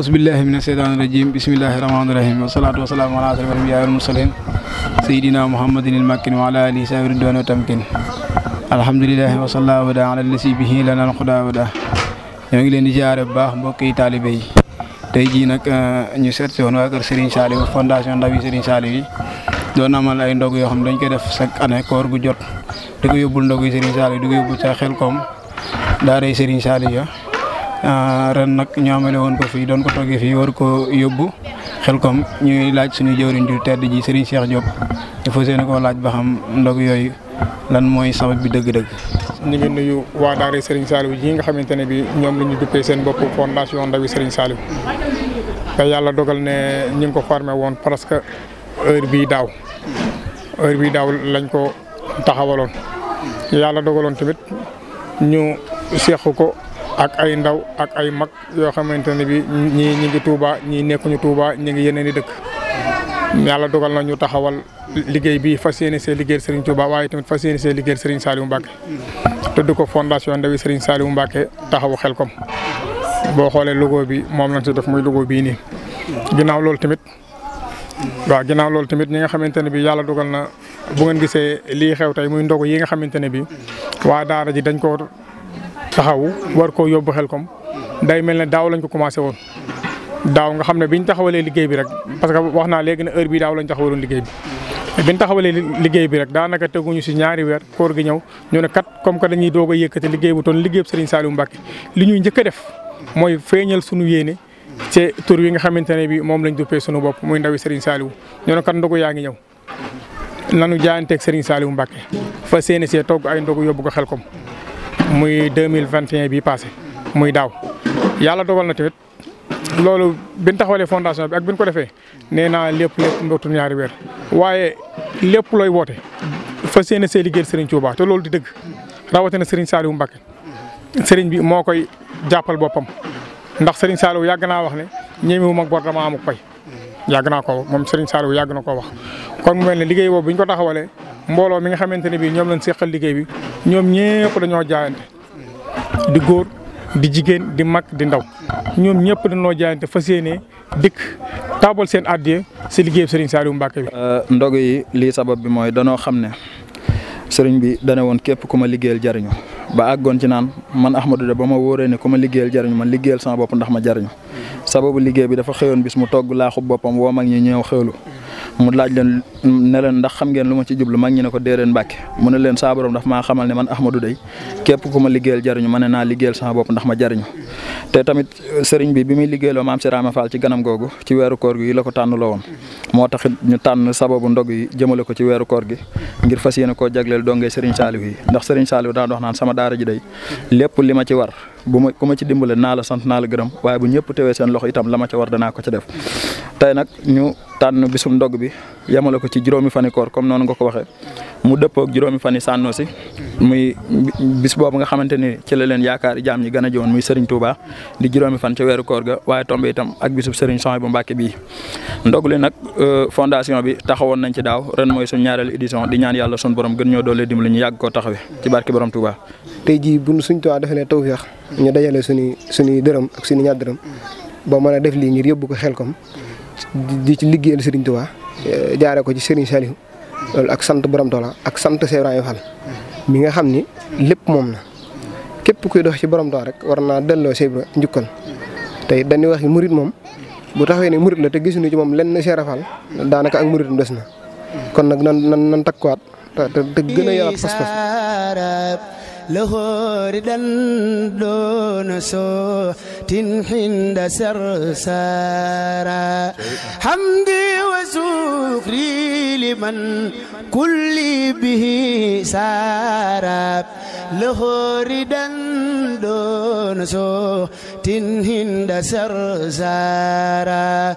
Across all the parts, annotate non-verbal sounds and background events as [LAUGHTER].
ahousubillahi mina sheytaani rajim bismillahi rahmaani rahim wasalaatu wasalaamu ala asrafil anbiyaa wal mursalin sayidina muhammadin il makkin wa ala alihi saabi ridwaan wa tamkin alhamdulilahi wasalla wada ala lasi bihi lanal ñoo ngi leen di jaare bu baax mbokk yi taalibe yi tey jii nag uh, ñu seet soon woon waa kër Serigne Saliou fondation Ndawi Serigne Saliou yi doon amal ay ndog yoo xam dañ koy def chaque année koor gu jot di ko yóbbul ndog yi Serigne Saliou di ko yóbbul sa xel koom daaray Ah, ren nag ñu amale woon ko fi doon ko toggee fii war ko yóbbu Xelkom ñuy laaj suñu jëwriñ ju tedd ji Serigne Cheikh Diop il faut seen koo laaj ba xam ndog yooyu lan mooy sabab bi dëgg-dëgg. ñu ngi nuyu waa Daara Serigne Saliou ji nga xamante ne bi ñoom la ñu duppee seen bopp fondation Ndawi Serigne Saliou te yàlla dogal ne ñu ngi ko formé woon presque heure bii daaw heure bii daaw lañ ko taxawaloon yàlla dogaloon tamit ñu seq ko. ak ay ndaw ak ay mag yoo xamante ne bi ñii ñi ngi Touba ñii nekkuñu Touba ñi ngi yeneen i dëkk yàlla dogal na ñu taxawal liggéey bi fas yéene see liggéey Serigne Touba waaye tamit fas yéene see liggéeyal Serigne Saliou Mbacké tudd ko fondation Ndawi Serigne Saliou Mbacké taxawu Xelkom boo xoolee logo bi moom lañ si def muy logo bii nii ginnaaw loolu tamit waaw ginnaaw loolu tamit ñi nga xamante ne bi yàlla dogal na bu ngeen gisee lii xew tey muy ndogu yi nga xamante ne bi waa daara ji dañ ko taxawu war koo yóbbu Xelkom day mel ne daaw lañ ko commencé woon daaw nga xam ne biñ taxawalee liggéey bi rek parce que wax naa léegi ne heure bii daaw lañ taxawaloon liggéey bi biñ taxawalee liggéey bi rek daanaka teguñu si ñaari weer koor gi ñëw ñu ne kat comme que dañuy doog a yëkkati liggéey bu toon liggéey bu Serigne Saliou Mbacke li ñuy njëkk a def mooy feeñal sunu yéene ci tur wi nga xamante ne bi moom lañ duppee sunu bopp muy ndawi Serigne Saliou ñu ne kat ndogu yaa ngi ñëw nanu jaayanteeg Serigne Saliou Mbacke fa séene see togg ay ndogu yóbbu ko muy deux mille vingt et un bii passé muy daaw yàlla dogal na tamit loolu bi ñu taxawalee fondation bi ak bi ñu ko defee nee naa lépp lépp mbokkum ñaari weer waaye lépp looy woote fa seen see liggéeyal Serigne Touba te loolu di dëgg rawatina Serigne Saliou Mbacke Serigne bi moo koy jàppal boppam ndax Serigne Saliou yàgg naa wax ne ñemewu wu bor dama amuk pay yàgg naa ko moom Serigne Saliou yàgg na koo wax kon mu mel ne liggéey boobu ñu ko taxawalee mbooloo mi nga xamante ne bii ñoom lañ seqal liggéey bi ñoom ñëpp dañoo jaayante di góor di jigéen di mag di ndaw ñoom ñëpp dañoo jaayante fa yéene dikk taabal seen addiya si liggéey Serigne Saliou Mbacké bi. Euh, ndog yi lii sabab bi mooy danoo xam ne sëriñ bi dana woon képp ku ma liggéeyal jariñu ba àggoon ci naan man Ahmadou de ba ma wóoree ne ku ma liggéeyal jariñu ma liggéeyal sama bopp ndax ma jariñu sababu liggéey bi dafa xëyoon bis mu togg laaxu boppam woo mag ñi ñëw xéwlu mu laaj leen ne leen ndax xam ngeen lu ma ci jublu mag ñi ne ko leen Mbàkke mu ne leen saa borom ma xamal ne man Ahmadou day képp ku ma liggéeyal jariñu ma ne naa liggéeyal sama bopp ndax ma jariñu te tamit sëriñ bi bi muy liggéeyloo maam Sirama Fall ci ganam googu ci weeru koor gi la ko tànnloo woon moo tax ñu tànn sababu ndog yi jëmale ko ci weeru koor gi ngir fas yéene koo jagleel dongee sëriñ Saaliw yi ndax sëriñ Saaliw daan wax sama daara ji day bu ma ku ma ci dimbale naala sant naa la gërëm waaye bu ñëpp tewee seen loxo itam la war danaa ko ca def tey nag ñu tànn bisum ndog bi yemale ko ci juróomi fani koor comme noonu nga ko waxee mu dëppoo ak juróomi fani sànnoo si muy bis boobu nga xamante ni ci la leen jaam ñi gën a jiwoon muy Serigne Touba di juróomi fan ca weeru koor ga waaye tombe itam ak bisub Serigne Souhaïbou Mbacké bii ndog li nag euh, fondation bi taxawoon nañ ci daaw ren mooy suñ ñaareelu édition di ñaan yàlla sun borom gën ñoo doole dimbali ñu yàgg koo taxawee ci barke borom Touba tey jii buñ suñ tuwaa defe ne tawféex ñu dajale suñuy suñuy dërëm ak suñu ñaar dërëm boo man a def lii ngir yóbbu ko xelkom di ci liggéeyal Serigne Touba eh, jaaree ko ci Serigne Saliou loolu ak sant borom Toola ak sant Cheikh Ibrahima Fall mi nga xam ni lépp moom na képp kuy dox ci borom Toola rek war naa delloo Cheikh Ibra njukkal tey dañuy wax ni murit moom bu taxawee ne murit la te gis nu ci moom lenn Cheikh Fall daanaka ak murit des na kon nag na nan nan takkuwaat te te gën a لهور دون سو تنحند سرسارا حمدي وسكري لمن كل به سارا لهور دون سو تنحند سرسارا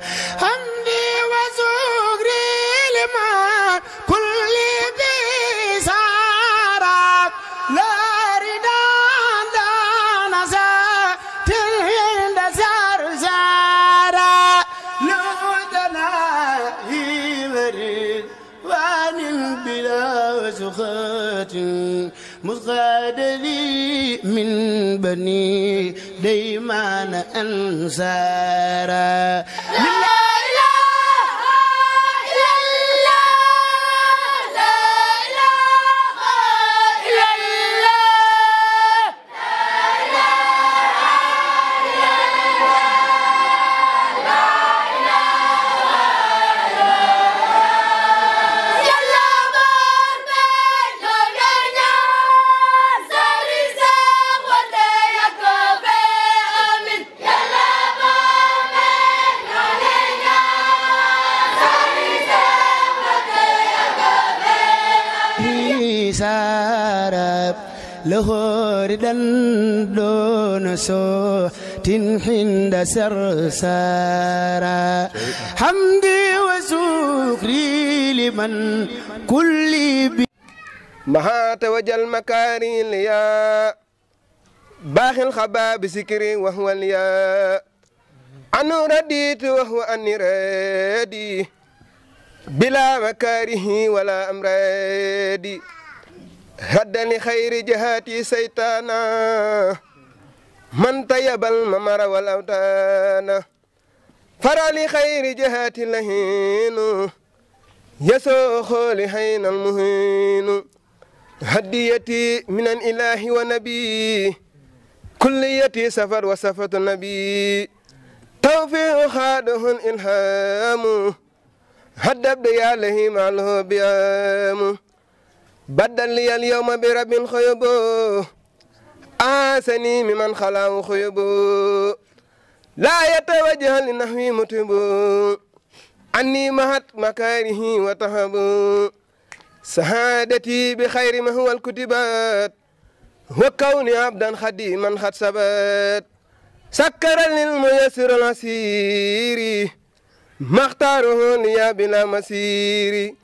سخات مسقاد لي من بني ديمان أنصارا سارب لهوردا دون صوت حند سرسارا حمدي وسكري لمن كل بي مها توجل مكاري الياء باخ الخباب سكري وهو الياء أنا رديت وهو أني ردي بلا مكاره ولا أمرادي haddani xayri jahaati saytaana man tayabal mamara wal awtaana farali xayri jahaati lahiinu yasoo xooli haynal muhiinu haddiyati minan ilaahi wa nabi kulliyati safar wa safatu nabi tawfiu xaadohun ilhamu haddabde yaa lahi maalhu biyaamu بدل لي اليوم برب خيب آسني ممن خلاه خيب لا يتوجه لنحوي متب عني مهت مكاره وتهب سعادتي بخير ما هو الكتبات وكوني عبدا خديما خد سبت سكر للميسر العسير ما اختاره لي بلا مسير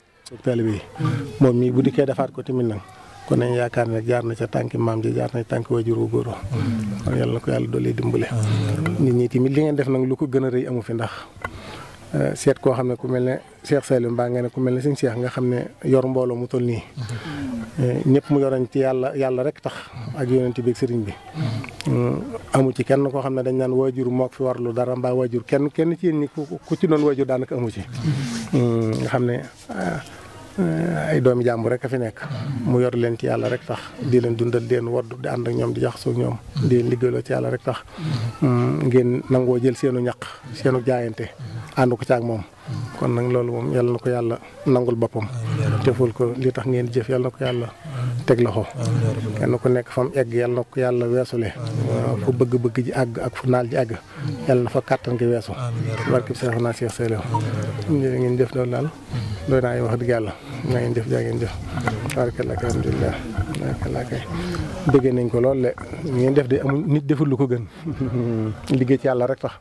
moom mii bu dikkee defaat ko tamit nag kon nañ yaakaar ne jaar na ca tànki maam ji jaar na ca tànki wajur wu góor yàlla na ko yàlla doolee dimbale nit ñi tamit li ngeen def nag lu ko gën a rëy amu fi ndax euh, seet koo xam ne ku mel ne Cheikh Salim mbaa nga ku mel ne Sëñ seex nga xam ne yor mbooloo mu toll nii euh, ñëpp mu yorañ ci yàlla yàlla rek tax ak yonent bi ak sëriñ bi euh, amu ci kenn koo xam ne dañ naan waajur moo fi warlu dara mbaa waajur kenn kenn ci yéen ñi ku ci doon waajur daanaka amu ci nga xam ne ay doomi jàmb rek a fi nekk mu yor leen ci yàlla rek tax di leen dundal di leen wodd di ànd ak ñoom di jaxasoo ñoom di leen liggéeyloo ci yàlla rek tax mm, ngeen nangoo jël seenu ñaq seenu jaayante ànd ko ci ak moom kon nag loolu moom yàlla na ko yàlla nangul boppam teful ko li tax ngeen jëf yàlla na ko yàlla teg loxo kenn ko nekk fam egg yàlla na ko yàlla weesule ak fu bëgg-bëgg ji àgg ak fu naal ji àgg yàlla na fa kàttan gi weesu barkib seexu naa seex seelew jërë ngeen jëf loolu daal doy naa yi wax dëgg yàlla na ngeen jëf jaa ngeen jëf barkalla kay alhamdulilah barkalla kay bëggee nañ ko lool le ngeen def de amul nit deful ko gën [LAUGHS] liggéey ci yàlla rek tax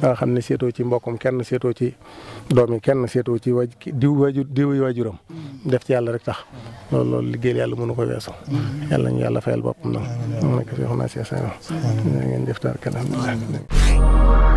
nga xam ne seetoo ci mbokkum kenn seetoo ci doom yi kenn seetoo ci waaj diw waajur diw waajuram def ci yàlla rek tax loolu loolu liggéeyal yàlla mënu ko weesu. yàlla ñu yàlla fayal boppam nag. amiin amiin amiin amiin amiin amiin amiin amiin amiin amiin amiin